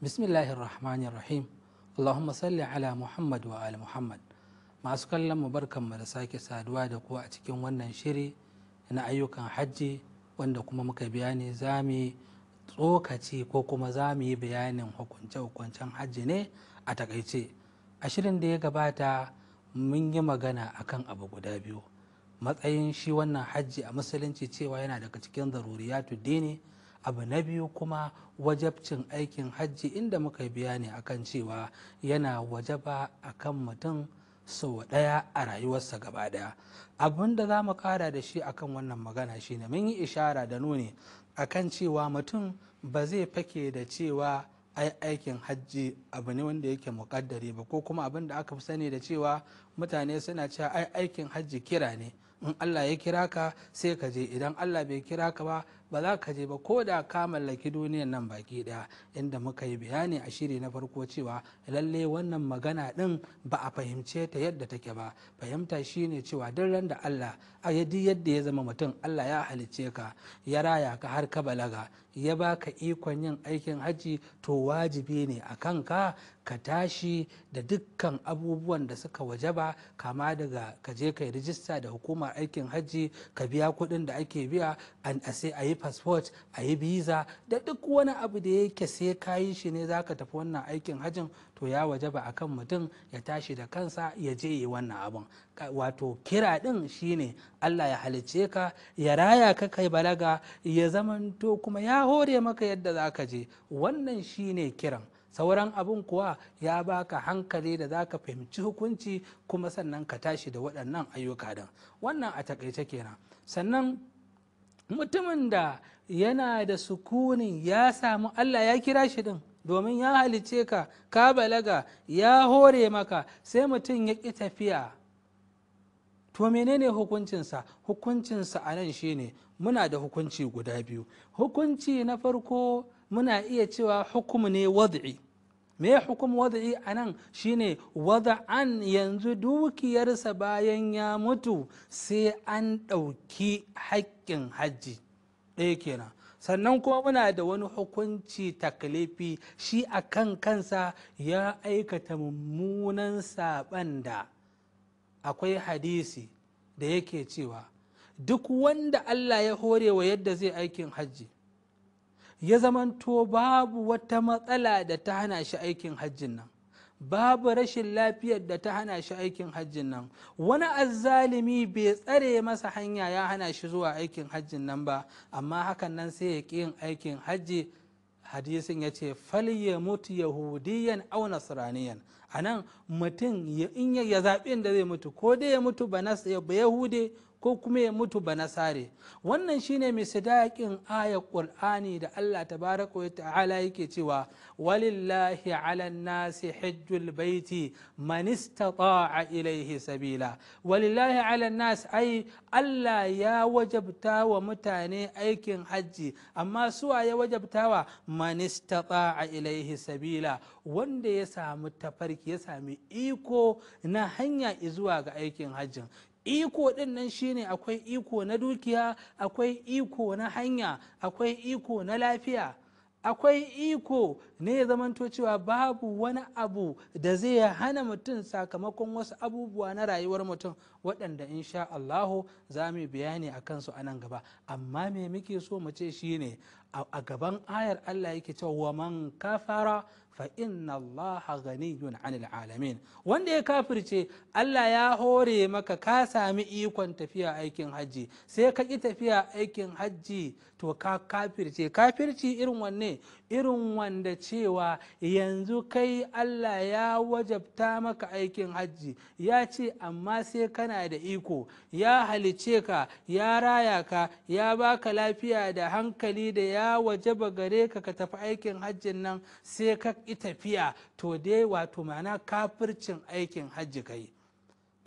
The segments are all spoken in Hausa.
bismillahir rahmanir rahim allahumma salli ala muhammad wa ala muhammad masu kallon mu mu da sake saduwa da ku a cikin wannan shiri na ayyukan hajji wanda kuma muka bayani za mu tsokaci ko kuma za mu yi bayanin hukunce-hukuncen hajji ne a takaice a shirin da ya gabata mun yi magana akan abu guda biyu matsayin shi wannan hajji a musulunci cewa yana daga cikin zaruriyatu dini abu na biyu kuma wajabcin aikin hajji inda muka biya bayani akan cewa yana wajaba kan mutum sau ɗaya a rayuwarsa gaba ɗaya abin da za mu ƙara da shi akan wannan magana shine mun yi ishara da nuni akan cewa mutum ba zai fake da cewa ai aikin hajji abu ne wanda yake mukaddari ba ko kuma abin da aka fi sani da cewa mutane suna cewa ai aikin hajji kira ne in allah ya kira ka sai ka je idan allah bai kira ka ba ba za ka je ba ko da ka mallaki duniyan nan baki daya inda muka yi bayani a shiri na farko cewa lalle wannan magana din ba a fahimce ta yadda take ba fahimta shine cewa duk randa Allah a yadi yadda ya zama mutum Allah ya halicce ka ya raya ka har ka balaga ya baka ikon yin aikin hajji to wajibi ne a kanka ka tashi da dukkan abubuwan da suka wajaba kama daga ka je ka yi rijista da hukumar aikin hajji ka biya kuɗin da ake biya a sai a yi fasfot a yi biza da duk wani abu da ya yake sai ka yi shi ne zaka tafi wannan aikin hajjin to ya waje ba a kan mutum ya tashi da kansa ya je yi wannan abun wato kira din shine Allah ya halicce ka ya raya ka kai balaga ya zamanto kuma ya hore maka yadda za ka je wannan shine kiran sauran abun kuwa ya baka hankali da zaka fahimci hukunci kuma sannan ka tashi da waɗannan ayyuka din wannan a takaice kenan sannan mutumin da yana da sukunin ya samu Allah ya kira shi din domin ya halice ka ka balaga ya hore maka sai mutum ya ƙi tafiya to menene hukuncinsa hukuncinsa a nan shine muna da hukunci guda biyu hukunci na farko muna iya cewa hukum ne wad'i me hukum wada'i a nan shine wada'an yanzu dukiyarsa bayan ya mutu sai an ɗauki haƙƙin hajji ɗaya kenan sannan kuma muna da wani hukunci takalifi shi a kan kansa ya aikata mummunan saɓan da akwai hadisi da yake cewa duk wanda allah ya horewa yadda zai aikin hajji ya zamanto babu wata matsala da ta hana shi aikin hajjin nan babu rashin lafiyar da ta hana shi aikin hajjin nan wani azzalimi bai tsare masa hanya ya hana shi zuwa aikin hajjin nan ba amma hakan nan sai ya ƙi yin aikin hajji hadisin ya ce falye mutu yahudiyan au nasraniyan a nan mutum in ya zaɓi da zai mutu ko dai ya mutu ba yahude ko kuma ya mutu ba nasare wannan shine sadakin ayar qur'ani da Allah tabaraka wa ta'ala yake cewa walillahi ala nasi hajjul baiti man istata'a ilaihi sabila walillahi ala nas ai Allah ya wajabta wa mutane aikin hajji amma suwa ya wajabtawa man istata'a ilaihi sabila wanda ya samu tafarki ya sami iko na hanya izuwa ga aikin hajjin iko din nan shine akwai iko na dukiya akwai iko na hanya akwai iko na lafiya akwai iko ne ya zamanto cewa babu wani abu da zai hana mutum sakamakon wasu abubuwa na rayuwar mutum waɗanda insha Allahu za mu bayani a kansu a nan gaba amma me muke so mu ce shine a gaban ayar Allah yake cewa wa man kafara fa inna Allah ganiyun anil alamin wanda ya kafirce Allah ya hore maka ka sami ikon tafiya aikin hajji sai ka ki tafiya aikin hajji to ka kafirce kafirci irin wanne irin wanda cewa yanzu kai Allah ya wajabta maka aikin hajji ya ce amma sai kana da iko ya halice ka ya raya ka ya baka lafiya da hankali da ya ya wajaba gare ka ka tafi aikin hajjin nan sai ka tafiya to dai wato ma'ana kafircin aikin hajji kai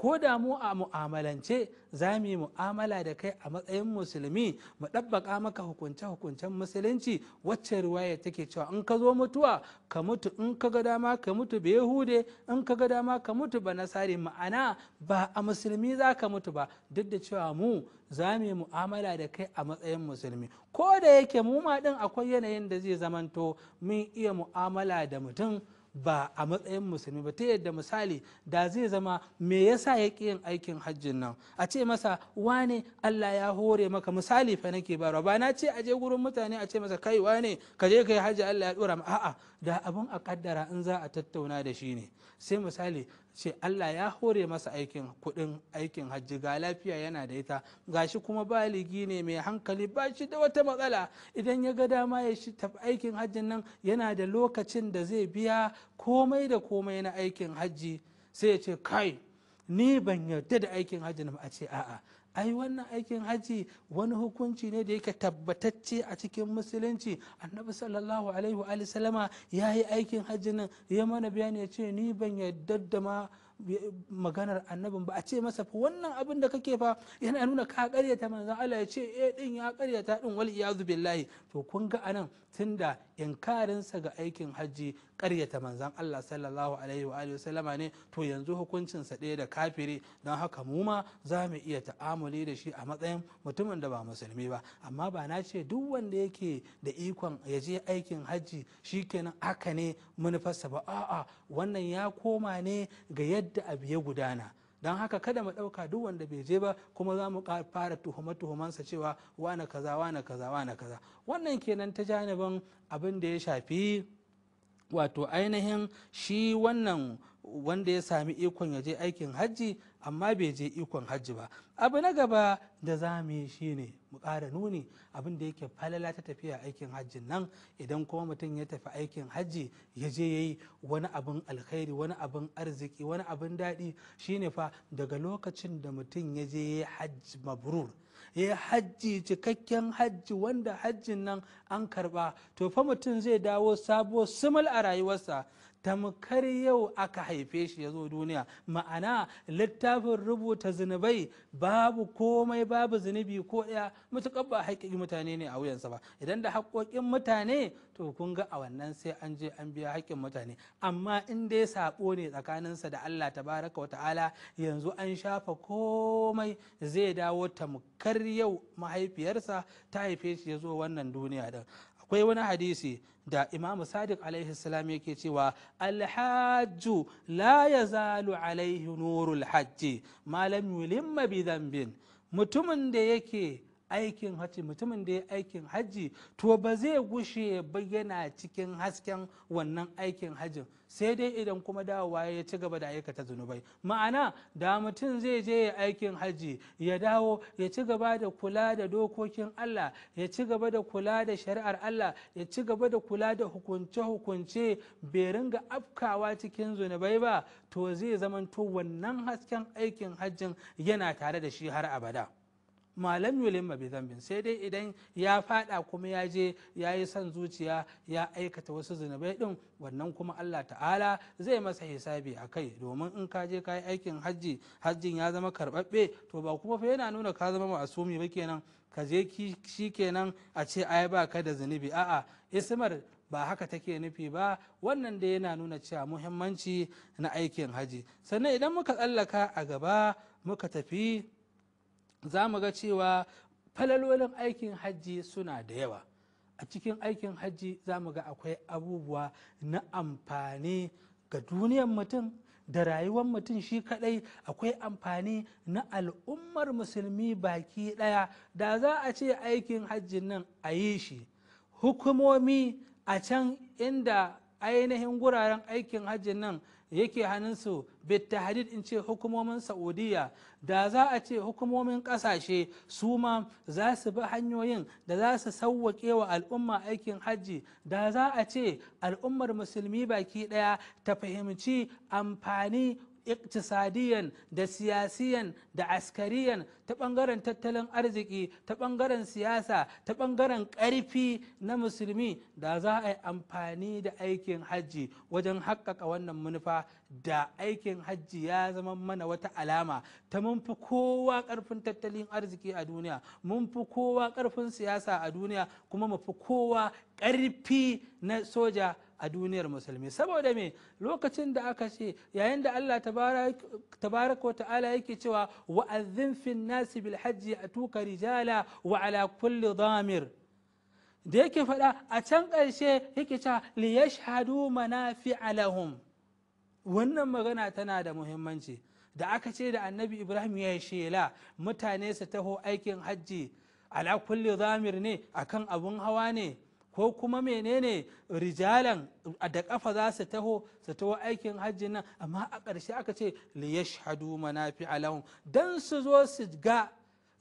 ko da mu a mu'amalance za mu yi mu'amala da kai a matsayin musulmi mu ɗabbaka maka hukunce hukuncen musulunci wacce ruwaya take cewa in ka zo mutuwa ka mutu in ka ga dama ka mutu bai hude in ka ga dama ka mutu ba nasari ma'ana ba a musulmi za ka mutu ba duk da cewa mu za mu yi mu'amala da kai a matsayin musulmi ko da yake mu ma ɗin akwai yanayin da zai zamanto mun iya mu'amala da mutum ba a matsayin musulmi ba ta yadda misali da zai zama me yasa ya ƙi yin aikin hajjin nan a ce masa wane Allah ya hore maka misali fa nake ba ba na ce aje gurin mutane a ce masa kai wane ka je kai hajji Allah ya dora a'a da abun a kaddara in za a tattauna da shi ne sai misali ce Allah ya hore masa aikin kuɗin aikin hajji ga lafiya yana da ita ga shi kuma baligi ne mai hankali ba shi da wata matsala idan ya ga dama ya shi tafi aikin hajjin nan yana da lokacin da zai biya komai da komai na aikin hajji sai ya ce kai ni ban yarda da aikin hajji a ce a'a ai wannan aikin hajji wani hukunci ne da yake tabbatacce a cikin musulunci annabi sallallahu alaihi wa sallama ya yi aikin hajji nan ya mana bayani ya ce ni ban yarda da ma maganar annabin ba a ce masa fa wannan abin da kake fa yana nuna ka karyata manzon Allah ya ce eh din ya karyata din wal iyazu billahi to kun ga anan tunda inkarinsa ga aikin hajji karyata manzan Allah sallallahu alaihi wa alihi wasallama ne to yanzu hukuncin sa ɗaya da kafiri don haka mu ma za mu iya ta'amuli da shi a matsayin mutumin da ba musulmi ba amma ba na ce duk wanda yake da ikon ya je aikin hajji shikenan haka ne manufarsa ba a'a wannan ya koma ne ga yadda abu ya gudana don haka kada mu ɗauka duk wanda bai je ba kuma za mu fara tuhume-tuhumansa cewa wane kaza wane kaza wane kaza wannan kenan ta janibin abin da ya shafi wato ainihin shi wannan wanda ya sami ikon ya je aikin hajji amma bai je ikon hajji ba abu na gaba da za mu yi shine mu kara nuni abin da yake falala ta tafiya aikin hajji nan idan kuma mutum ya tafi aikin hajji ya je ya yi wani abin alkhairi wani abin arziki wani abin daɗi shine fa daga lokacin da mutum ya je ya yi hajji mabrur ya hajji cikakken hajji wanda hajjin nan an karba to fa mutum zai dawo sabo simul a rayuwarsa tamkar yau aka haife shi ya zo duniya ma'ana littafin rubuta zunubai babu komai babu zunubi ko ɗaya matuƙar ba haƙƙin mutane ne a wuyansa ba idan da haƙƙoƙin mutane to kun ga a wannan sai an je an biya haƙƙin mutane amma in dai saɓo ne tsakaninsa da Allah tabaraka wa ta'ala yanzu an shafa komai zai dawo tamkar yau mahaifiyarsa ta haife shi ya zo wannan duniya din akwai wani hadisi da imam sadiq alaihi salam yake cewa alhajju la yazalu alaihi nurul hajji malam yulimma bi dhanbin mutumin da yake aikin hajji mutumin da ya aikin hajji to ba zai gushe ba yana cikin hasken wannan aikin hajjin sai dai idan kuma dawowa ya ci gaba da aikata zunubai ma'ana da mutum zai je ya aikin hajji ya dawo ya ci gaba da kula da dokokin Allah ya ci gaba da kula da shari'ar Allah ya ci gaba da kula da hukunce-hukunce bai ringa afkawa cikin zunubai ba to zai zamanto wannan hasken aikin hajjin yana tare da shi har abada. malam yulin bi zambin sai dai idan ya fada kuma ya je ya yi son zuciya ya aikata wasu zunubai din wannan kuma Allah ta'ala zai masa hisabi a kai domin in ka je ka yi aikin hajji hajjin ya zama karbabbe to ba kuma fa yana nuna ka zama sumi ba kenan ka je shi kenan a ce ai ba ka da zunubi a'a ismar ba haka take nufi ba wannan da yana nuna cewa muhimmanci na aikin haji sannan idan muka tsallaka a gaba muka tafi za mu ga cewa falalolin aikin hajji suna da yawa a cikin aikin hajji za mu ga akwai abubuwa na amfani ga duniyar mutum da rayuwar mutum shi kadai akwai amfani na al'ummar musulmi baki daya da za a ce aikin hajji nan a yi shi hukumomi a can inda ainihin guraren aikin hajji nan yake hannunsu bittahadid in ce hukumomin saudiya da za a ce hukumomin kasashe su ma za su bi hanyoyin da za su sauwaƙe wa al'umma aikin hajji da za a ce al'ummar musulmi baki ɗaya ta fahimci amfani iktisadiyan da siyasiyan da askariyan ta bangaren tattalin arziki ta ɓangaren siyasa ta bangaren ƙarfi na musulmi da za a yi amfani da aikin hajji wajen haƙƙaƙa wannan manufa da aikin hajji ya zama mana wata alama ta mun fi kowa ƙarfin tattalin arziki a duniya mun fi kowa ƙarfin siyasa a duniya kuma mu fi kowa ƙarfi na soja a duniyar musulmi saboda me lokacin da aka ce yayin da Allah tabaraka wa ta'ala yake cewa wa'azzin fin nasi bil hajji atuka rijala wa ala kulli damir da yake faɗa a can ƙarshe yake cewa li yashhadu manafi'a lahum wannan magana tana da muhimmanci da aka ce da annabi ibrahim ya shela mutane su taho aikin hajji ala kulli zamir ne akan abun hawa ne ko kuma menene rijalan da kafa za su taho su taho aikin hajji nan amma a ƙarshe aka ce li yashhadu manafi alahum dan su zo su ga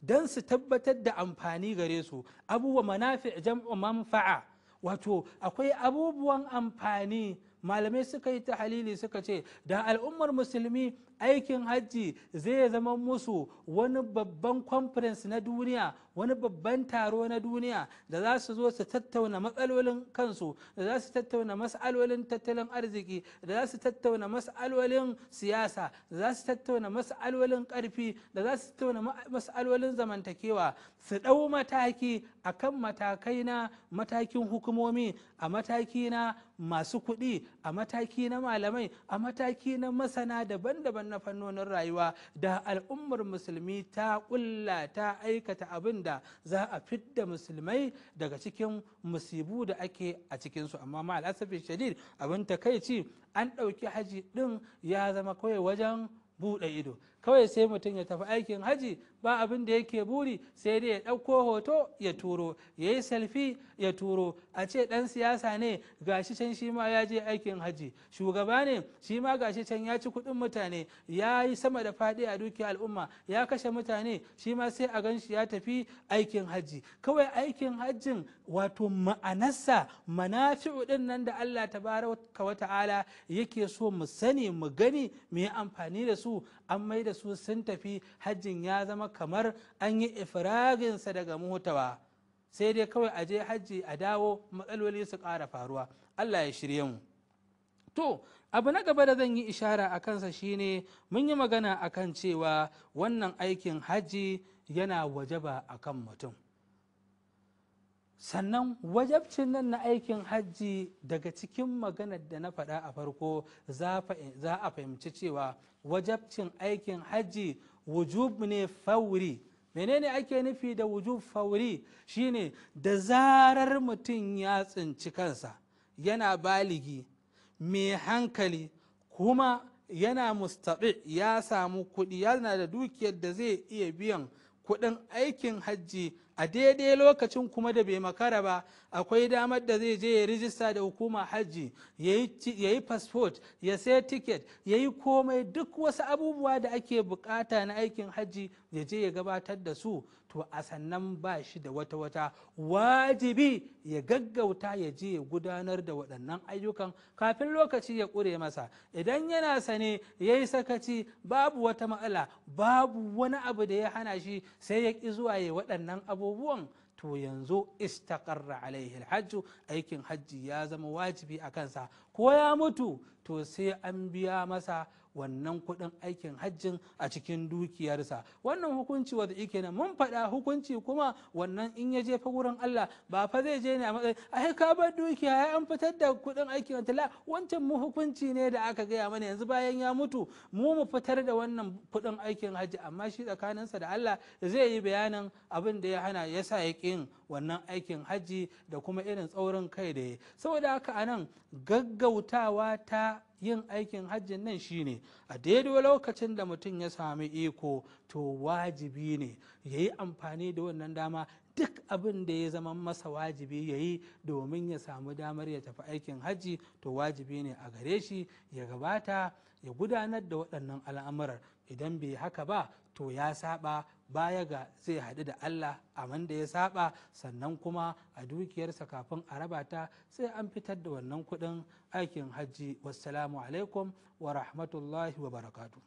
dan su tabbatar da amfani gare su abubuwa manafi jam'u manfa'a wato akwai abubuwan amfani malamai suka yi ta halili suka ce da al'ummar musulmi aikin hajji zai zama musu wani babban conference na duniya wani babban taro na duniya da za su zo su tattauna matsalolin kansu da za su tattauna matsalolin tattalin arziki da za su tattauna matsalolin siyasa da za su tattauna matsalolin karfi da za su tattauna matsalolin zamantakewa su ɗau mataki akan matakai na matakin hukumomi a mataki na masu kuɗi a mataki na malamai a mataki na masana daban-daban na fannonin rayuwa da al'ummar musulmi ta ƙulla ta aikata abin da za a fidda musulmai daga cikin musibu da ake a cikinsu amma ma al'asafin shadid abin takaici an ɗauki haji ɗin ya zama kawai wajen buɗe ido kawai sai mutum ya tafi aikin haji ba abin da yake buri sai dai ya ɗauko hoto ya turo ya yi salfi ya turo a ce ɗan siyasa ne gashi can shi ma ya je aikin haji shugaba ne shi ma gashi can ya ci kuɗin mutane ya yi sama da faɗi a dukiyar al'umma ya kashe mutane shi ma sai a gan shi ya tafi aikin haji kawai aikin hajjin wato ma'anarsa manafi'u ɗin nan da Allah tabaraka ka wata'ala yake so mu sani mu gani mu yi amfani da su an mai da. da su sun tafi hajjin ya zama kamar an yi ifiraginsa daga muhutawa sai dai kawai a je hajji a dawo matsaloli su ƙara faruwa allah ya shirye mu to abu na gaba da zan yi ishara a kansa shine mun yi magana a kan cewa wannan aikin hajji yana wajaba a kan mutum sannan wajabcin nan na aikin hajji daga cikin maganar da na faɗa a farko za a fahimci cewa wajabcin aikin hajji wujub ne fauri menene ake nufi da wujub fauri shine da zarar mutum ya tsinci kansa yana baligi mai hankali kuma yana mustaɓi ya samu kuɗi yana da dukiyar da zai iya biyan kuɗin aikin hajji a daidai lokacin kuma da bai makara ba akwai damar da zai je ya rijista da hukuma hajji ya yi fasfot ya sai tiket ya yi komai duk wasu abubuwa da ake bukata na aikin hajji ya je ya gabatar da su to a sannan ba shi da wata-wata wajibi ya gaggauta ya je ya gudanar da waɗannan ayyukan kafin lokaci ya ƙure masa idan yana sane ya yi sakaci babu wata matsala babu wani abu da ya hana shi sai ya ƙi zuwa ya waɗannan abu abubuwan to yanzu istakarra alaihi alhajju aikin hajji ya zama wajibi a kansa ko ya mutu to sai an biya masa wannan kuɗin aikin hajjin a cikin dukiyarsa wannan hukunci wanda yake nan mun faɗa hukunci kuma wannan in ya je fa wurin Allah ba fa zai je ne a matsayin ai ka bar dukiya ai an fitar da kuɗin aikin tala wancan mu hukunci ne da aka gaya mana yanzu bayan ya mutu mu mu fitar da wannan kuɗin aikin hajji amma shi tsakaninsa da Allah zai yi bayanin abin da ya hana ya sa ya wannan aikin hajji da kuma irin tsaurin kai da ya saboda haka anan gaggautawa ta yin aikin hajjin nan shine a daidai lokacin da mutum ya sami iko to wajibi ne ya yi amfani da wannan dama duk abin da ya zama masa wajibi ya yi domin ya samu damar ya tafi aikin hajji to wajibi ne a gare shi ya gabata ya gudanar da waɗannan al'amurar idan bai haka ba to ya saba baya ga zai haɗu da Allah a da ya saba sannan kuma a dukiyarsa kafin a rabata, sai an fitar da wannan kuɗin aikin hajji wassalamu alaikum wa rahmatullahi wa barakatu.